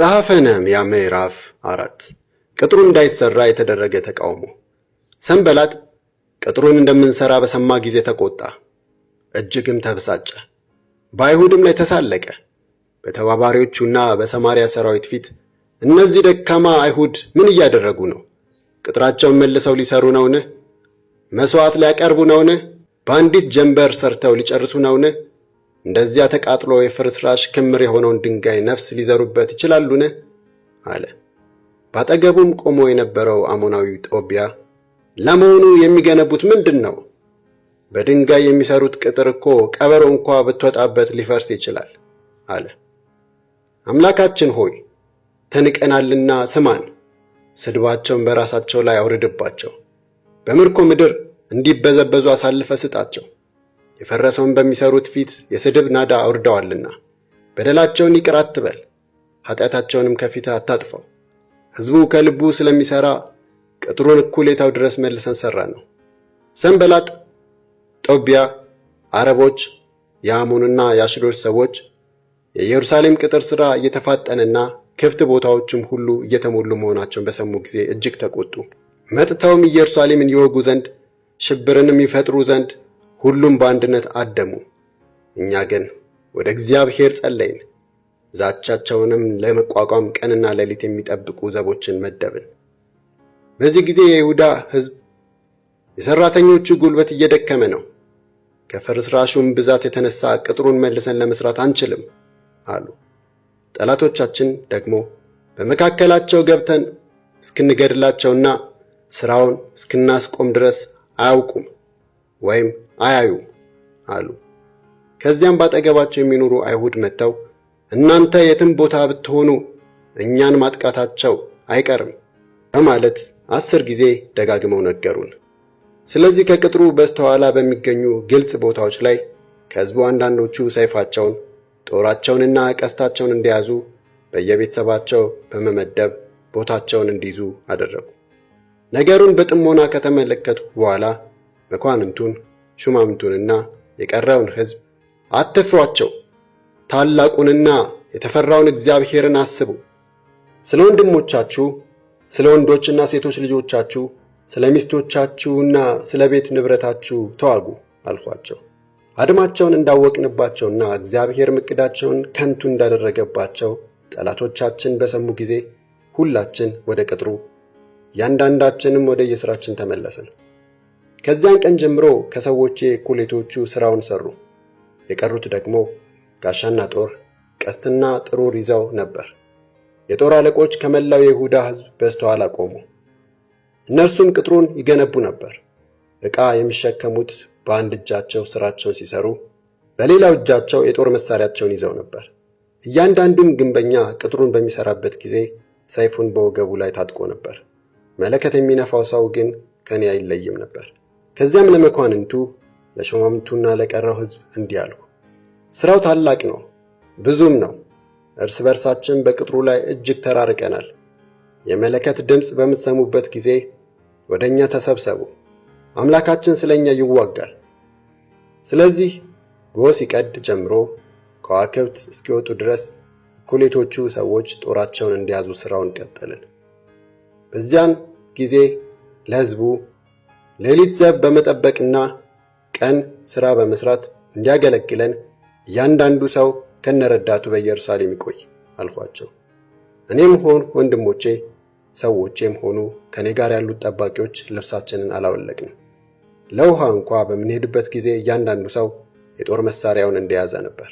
ጸሐፈ ነህምያ ምዕራፍ አራት ቅጥሩ እንዳይሰራ የተደረገ ተቃውሞ። ሰንበላጥ ቅጥሩን እንደምንሰራ በሰማ ጊዜ ተቆጣ፣ እጅግም ተበሳጨ። በአይሁድም ላይ ተሳለቀ። በተባባሪዎቹና በሰማርያ ሰራዊት ፊት እነዚህ ደካማ አይሁድ ምን እያደረጉ ነው? ቅጥራቸውን መልሰው ሊሰሩ ነውን? መሥዋዕት ሊያቀርቡ ነውን? በአንዲት ጀንበር ሰርተው ሊጨርሱ ነውን? እንደዚያ ተቃጥሎ የፍርስራሽ ክምር የሆነውን ድንጋይ ነፍስ ሊዘሩበት ይችላሉን? አለ። ባጠገቡም ቆሞ የነበረው አሞናዊ ጦቢያ ለመሆኑ የሚገነቡት ምንድን ነው? በድንጋይ የሚሰሩት ቅጥር እኮ ቀበሮ እንኳ ብትወጣበት ሊፈርስ ይችላል አለ። አምላካችን ሆይ ተንቀናልና ስማን፣ ስድባቸውን በራሳቸው ላይ አውርድባቸው፣ በምርኮ ምድር እንዲበዘበዙ አሳልፈ ስጣቸው። የፈረሰውን በሚሰሩት ፊት የስድብ ናዳ አውርደዋልና በደላቸውን ይቅር አትበል፣ ኃጢአታቸውንም ከፊትህ አታጥፈው። ሕዝቡ ከልቡ ስለሚሠራ ቅጥሩን እኩሌታው ድረስ መልሰን ሠራ ነው። ሰንበላጥ፣ ጦቢያ፣ አረቦች፣ የአሞንና የአሽዶች ሰዎች የኢየሩሳሌም ቅጥር ሥራ እየተፋጠነና ክፍት ቦታዎችም ሁሉ እየተሞሉ መሆናቸውን በሰሙ ጊዜ እጅግ ተቆጡ። መጥተውም ኢየሩሳሌምን ይወጉ ዘንድ ሽብርንም ይፈጥሩ ዘንድ ሁሉም በአንድነት አደሙ። እኛ ግን ወደ እግዚአብሔር ጸለይን፣ ዛቻቸውንም ለመቋቋም ቀንና ሌሊት የሚጠብቁ ዘቦችን መደብን። በዚህ ጊዜ የይሁዳ ሕዝብ የሠራተኞቹ ጉልበት እየደከመ ነው፣ ከፍርስራሹም ብዛት የተነሳ ቅጥሩን መልሰን ለመስራት አንችልም አሉ። ጠላቶቻችን ደግሞ በመካከላቸው ገብተን እስክንገድላቸውና ሥራውን እስክናስቆም ድረስ አያውቁም ወይም አያዩም አሉ። ከዚያም ባጠገባቸው የሚኖሩ አይሁድ መጥተው እናንተ የትም ቦታ ብትሆኑ እኛን ማጥቃታቸው አይቀርም በማለት አስር ጊዜ ደጋግመው ነገሩን። ስለዚህ ከቅጥሩ በስተኋላ በሚገኙ ግልጽ ቦታዎች ላይ ከሕዝቡ አንዳንዶቹ ሰይፋቸውን፣ ጦራቸውንና ቀስታቸውን እንዲያዙ በየቤተሰባቸው በመመደብ ቦታቸውን እንዲይዙ አደረጉ። ነገሩን በጥሞና ከተመለከቱ በኋላ መኳንንቱን፣ ሹማምንቱንና የቀረውን ሕዝብ አትፍሯቸው፣ ታላቁንና የተፈራውን እግዚአብሔርን አስቡ። ስለ ወንድሞቻችሁ፣ ስለ ወንዶችና ሴቶች ልጆቻችሁ፣ ስለ ሚስቶቻችሁና ስለ ቤት ንብረታችሁ ተዋጉ አልኋቸው። አድማቸውን እንዳወቅንባቸውና እግዚአብሔር እቅዳቸውን ከንቱ እንዳደረገባቸው ጠላቶቻችን በሰሙ ጊዜ ሁላችን ወደ ቅጥሩ፣ ያንዳንዳችንም ወደ የሥራችን ተመለስን። ከዚያን ቀን ጀምሮ ከሰዎቼ ኩሌቶቹ ሥራውን ሠሩ። የቀሩት ደግሞ ጋሻና ጦር፣ ቀስትና ጥሩር ይዘው ነበር። የጦር አለቆች ከመላው የይሁዳ ሕዝብ በስተኋላ ቆሙ። እነርሱም ቅጥሩን ይገነቡ ነበር። ዕቃ የሚሸከሙት በአንድ እጃቸው ሥራቸውን ሲሠሩ፣ በሌላው እጃቸው የጦር መሣሪያቸውን ይዘው ነበር። እያንዳንዱም ግንበኛ ቅጥሩን በሚሠራበት ጊዜ ሰይፉን በወገቡ ላይ ታጥቆ ነበር። መለከት የሚነፋው ሰው ግን ከኔ አይለይም ነበር። ከዚያም ለመኳንንቱ ለሸማምቱና ለቀረው ሕዝብ እንዲህ አልሁ። ሥራው ታላቅ ነው፣ ብዙም ነው። እርስ በርሳችን በቅጥሩ ላይ እጅግ ተራርቀናል። የመለከት ድምፅ በምትሰሙበት ጊዜ ወደ እኛ ተሰብሰቡ። አምላካችን ስለ እኛ ይዋጋል። ስለዚህ ጎህ ሲቀድ ጀምሮ ከዋክብት እስኪወጡ ድረስ እኩሌቶቹ ሰዎች ጦራቸውን እንዲያዙ ሥራውን ቀጠልን። በዚያን ጊዜ ለሕዝቡ ሌሊት ዘብ በመጠበቅና ቀን ሥራ በመሥራት እንዲያገለግለን እያንዳንዱ ሰው ከነረዳቱ በኢየሩሳሌም ይቆይ አልኳቸው። እኔም ሆን ወንድሞቼ ሰዎቼም ሆኑ ከእኔ ጋር ያሉት ጠባቂዎች ልብሳችንን አላወለቅንም። ለውሃ እንኳ በምንሄድበት ጊዜ እያንዳንዱ ሰው የጦር መሣሪያውን እንደያዘ ነበር።